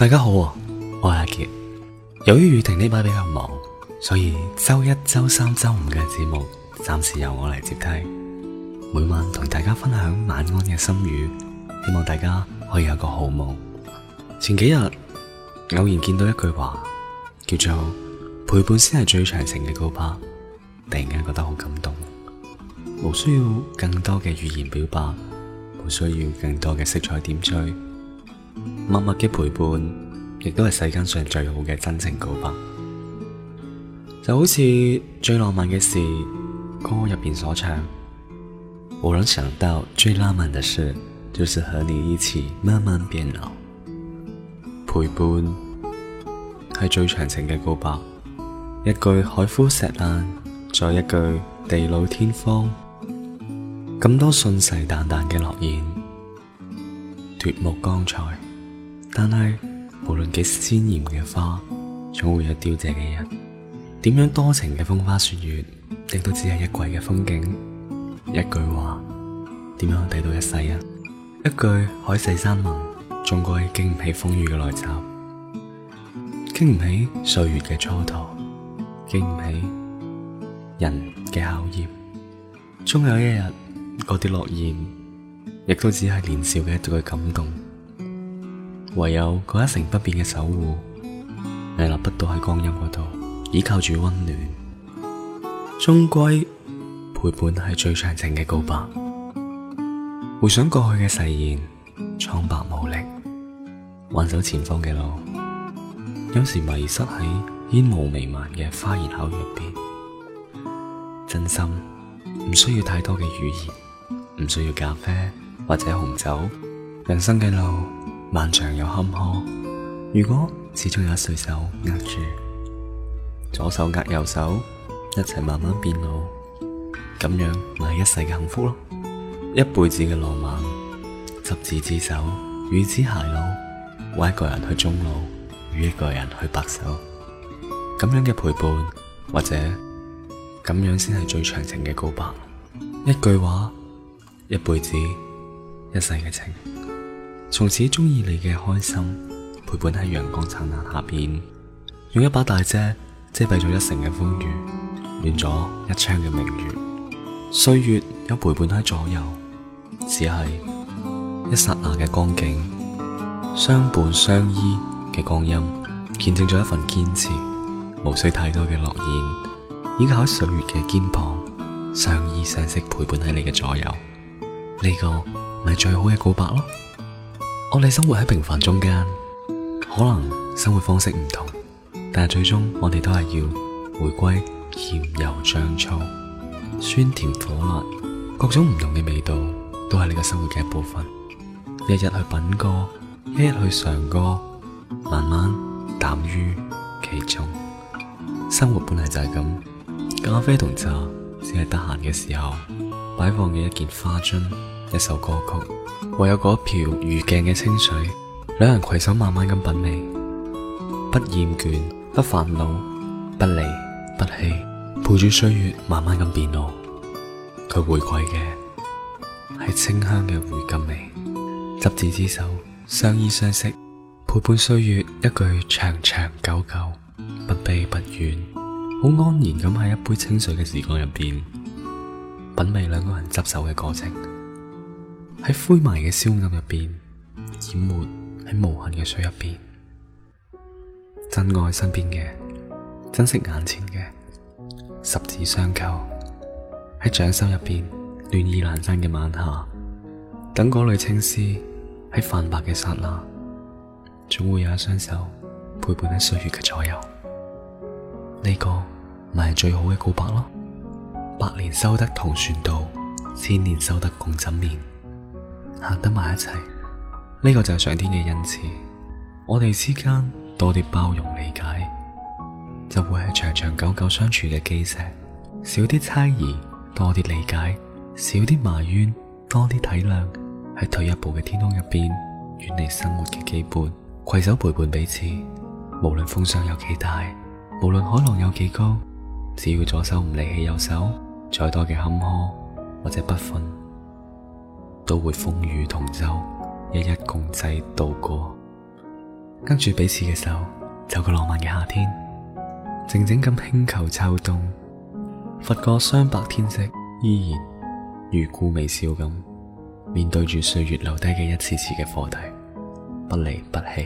大家好，我係阿傑。由於雨婷呢排比較忙，所以周一、周三、周五嘅節目暫時由我嚟接替。每晚同大家分享晚安嘅心語，希望大家可以有個好夢。前幾日偶然見到一句話，叫做陪伴先係最長情嘅告白，突然間覺得好感動。無需要更多嘅語言表白，無需要更多嘅色彩點綴。默默嘅陪伴，亦都係世間上最好嘅真情告白。就好似最浪漫嘅事，歌入邊所唱，我諗想到最浪漫嘅事，就是和你一起慢慢變老。陪伴係最長情嘅告白。一句海枯石爛，再一句地老天荒，咁多信誓旦旦嘅諾言，奪目光彩。但係，無論幾鮮艷嘅花，總會有凋謝嘅日。點樣多情嘅風花雪月，亦都只係一季嘅風景。一句話，點樣抵到一世啊？一句海誓山盟，終歸經唔起風雨嘅來襲，經唔起歲月嘅蹉跎，經唔起人嘅考驗。終有一日，嗰啲諾言，亦都只係年少嘅一段感動。唯有嗰一成不變嘅守護，屹立不倒喺光陰嗰度，倚靠住溫暖，終歸陪伴係最長情嘅告白。回想過去嘅誓言，蒼白無力，挽手前方嘅路，有時迷失喺煙霧彌漫嘅花言巧語入邊。真心唔需要太多嘅語言，唔需要咖啡或者紅酒，人生嘅路。漫長又坎坷，如果始終有一雙手握住，左手握右手，一齊慢慢變老，咁樣咪係一世嘅幸福咯？一輩子嘅浪漫，執子之手，與子偕老，為一個人去終老，與一個人去白首，咁樣嘅陪伴，或者咁樣先係最長情嘅告白。一句話，一輩子，一世嘅情。從此中意你嘅開心，陪伴喺陽光燦爛下邊，用一把大遮遮蔽咗一城嘅風雨，暖咗一窗嘅明月。歲月有陪伴喺左右，只係一剎那嘅光景。相伴相依嘅光陰，見證咗一份堅持，無需太多嘅諾言，依靠喺歲月嘅肩膀，相依相惜陪伴喺你嘅左右，呢、這個咪最好嘅告白咯～我哋生活喺平凡中間，可能生活方式唔同，但係最終我哋都係要回歸鹽油醬醋、酸甜苦辣，各種唔同嘅味道，都係你嘅生活嘅一部分。日日去品過，一日去嘗過，慢慢淡於其中。生活本嚟就係咁，咖啡同茶只係得閒嘅時候擺放嘅一件花樽，一首歌曲。唯有嗰一瓢如鏡嘅清水，兩人攜手慢慢咁品味，不厭倦，不煩惱，不離不棄，陪住歲月慢慢咁變老。佢回饋嘅係清香嘅回甘味，執子之手，相依相惜，陪伴歲月一句長長久久，不悲不怨，好安然咁喺一杯清水嘅時光入邊，品味兩個人執手嘅過程。喺灰霾嘅蕭暗入邊，掩沒喺無痕嘅水入邊，珍愛身邊嘅，珍惜眼前嘅，十指相扣喺掌心入邊，暖意闌珊嘅晚霞，等嗰縷青絲喺泛白嘅剎那，總會有一雙手陪伴喺歲月嘅左右。呢個咪係最好嘅告白咯，百年修得同船渡，千年修得共枕眠。行得埋一齊，呢個就係上天嘅恩賜。我哋之間多啲包容理解，就會係長長久久相處嘅基石。少啲猜疑，多啲理解；少啲埋怨，多啲體諒。喺退一步嘅天空入邊，遠離生活嘅基本，携手陪伴彼此。無論風霜有幾大，無論海浪有幾高，只要左手唔離棄右手，再多嘅坎坷或者不忿。都會風雨同舟，一一共濟度過，跟住彼此嘅手，走過浪漫嘅夏天，靜靜咁輕扣秋冬，拂過霜白天色，依然如故微笑咁面對住歲月留低嘅一次次嘅課題，不離不棄，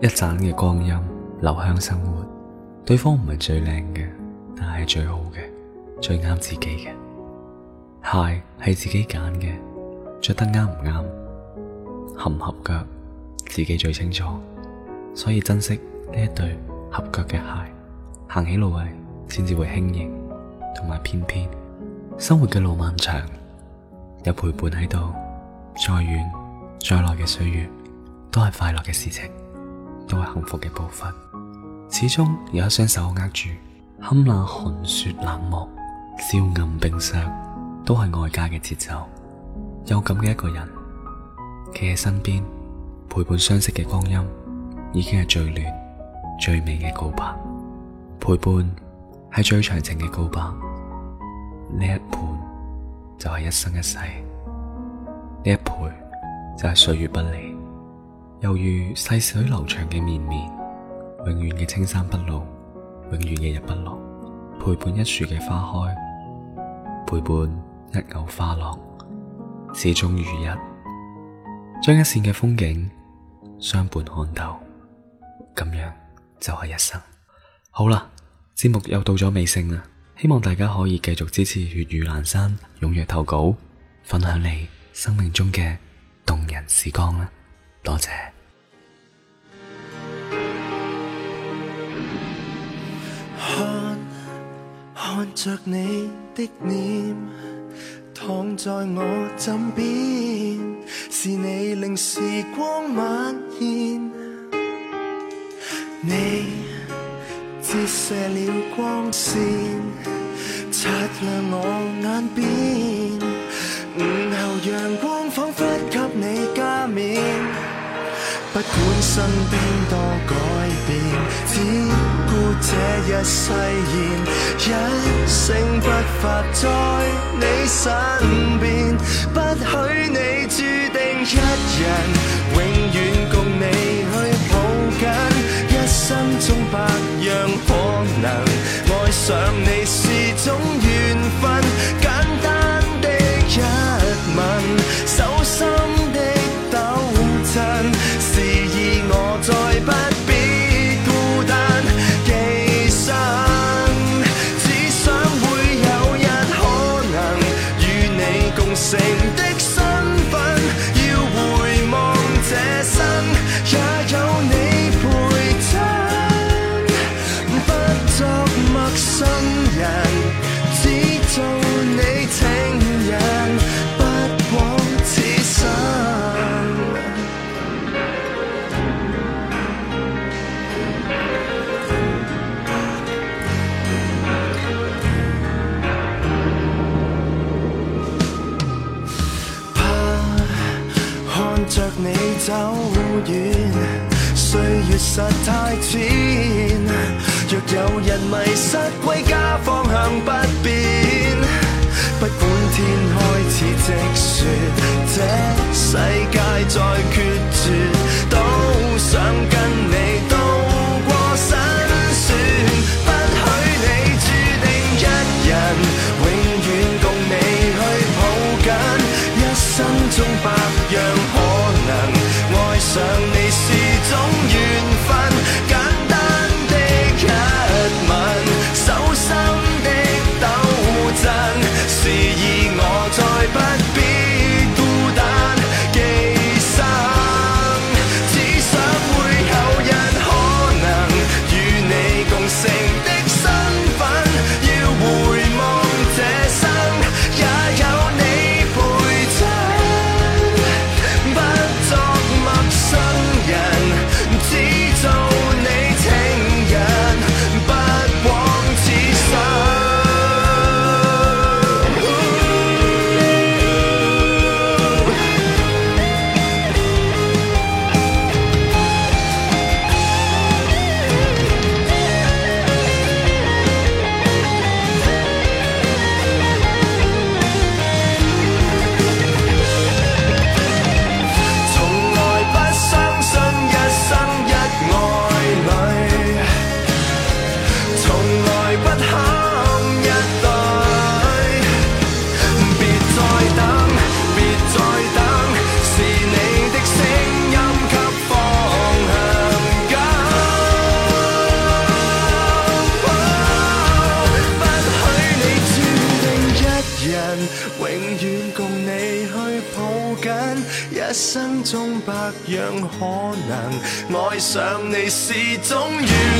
一盞嘅光陰留香生活，對方唔係最靚嘅，但係最好嘅，最啱自己嘅。鞋係自己揀嘅，着得啱唔啱，合唔合腳，自己最清楚。所以珍惜呢一對合腳嘅鞋，行起路嚟先至會輕盈同埋翩翩。生活嘅路漫長，有陪伴喺度，再遠再耐嘅歲月都係快樂嘅事情，都係幸福嘅部分。始終有一雙手握住，堪那寒雪冷漠，蕭暗冰霜。都係外界嘅節奏，有咁嘅一個人企喺身邊陪伴相識嘅光陰，已經係最暖、最美嘅告白。陪伴係最長情嘅告白，呢一伴就係、是、一生一世，呢一陪就係、是、歲月不離，猶如細水流長嘅綿綿，永遠嘅青山不老，永遠嘅日不落，陪伴一樹嘅花開，陪伴。一牛花落，始終如一，將一線嘅風景相伴看透，咁樣就係一生。好啦，節目又到咗尾聲啦，希望大家可以繼續支持粵語欄山，踴躍投稿，分享你生命中嘅動人時光啦！多謝。看，看着你的臉。躺在我枕邊，是你令時光蔓延。你折射了光線，擦亮我眼邊。午後陽光仿佛給你加冕，不管身邊多。誓言一聲不發，在你身邊，不許你注定一人。走遠，歲月實太淺。若有人迷失歸家方向，不變，不管天開始積雪，這世界在缺。愛上你是種緣。